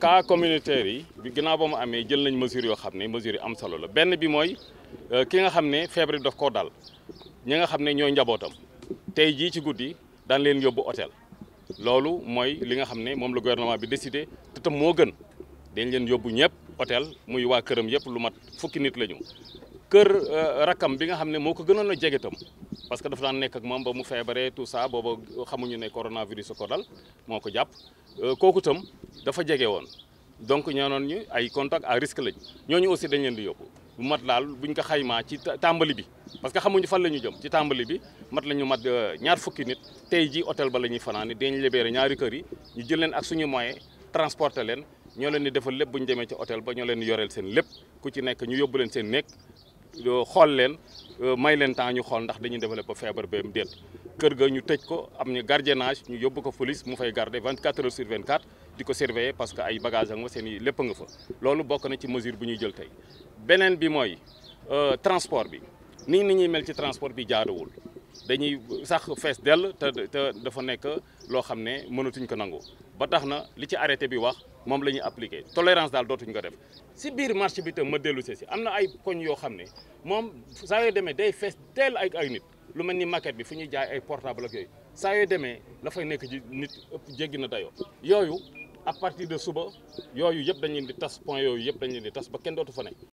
cas communautaire yi bi ginnaaw ba mu amee jël nañ mesures yoo am salol. la benn bi mooy euh, ki nga xam ne feebar daf ko dal ñi nga xam ne ñooy njabootam tey jii ci guddi daan leen yóbbu hôtel loolu mooy li nga xam ne moom la gouvernement bi décidé te tam moo gën dañ leen yóbbu ñëpp hôtel muy waa mat fukki nit kër euh, rakam bi nga xam ne moo ko gënoon a jege tam parce que dafa daan nekk ak moom ba mu feebaree tout ça booba xamuñu ne coronavirus ko dal moo ko jàpp euh, kooku tam dafa jege woon donc ñoonoon ñu ay contact à risque lañ ñooñu aussi dañ leen di yóbbu bu mat daal buñ ko xaymaa ci tàmbali bi parce que xamuñu fan la ñu jëm ci tàmbali bi mat la ñu mat euh, ñaar fukki nit tey ji hôtel ba la ñuy fanaani dañ libéré ñaari kër yi ñu jël leen ak suñu moyen transporter leen ñoo leen di defal lépp bu ñu demee ci hôtel ba leen di yoreel seen lépp ku ci nekk ñu yóbbu leen seen nekk Euh, xool leen euh, may leen temps ñu xool ndax dañuy développé feebar beem déet kër ga ñu tëj ko am ñu gardiennage ñu yóbbu ko police mu fay garder 24 heures sur 24 di ko surveiller parce que ay bagages ak ma seen i lépp nga fa loolu bokk na ci mesure bu ñuy jël tey beneen bi mooy euh, transport bi nii ni ñuy mel ci transport bi jaaduwul. dañuy sax fess del te te dafa nek lo xamné mënutuñ ko nangu ba taxna li ci arrêté bi wax mom lañuy appliquer tolérance dal dootuñ ko def si biir marché bi te ma delu ceci amna ay koñ yo xamné mom sa saa démé day fess dell ak ay nit lu melni market bi fuñu jaay ay portable ak yooyu sa yoo démé la fay nek ci nit ëpp jéggi dayo yoyu yooyu à partir de suba yoyu yëpp dañuy di tas point yoyu yëpp dañ di tas ba kenn dootu fa ne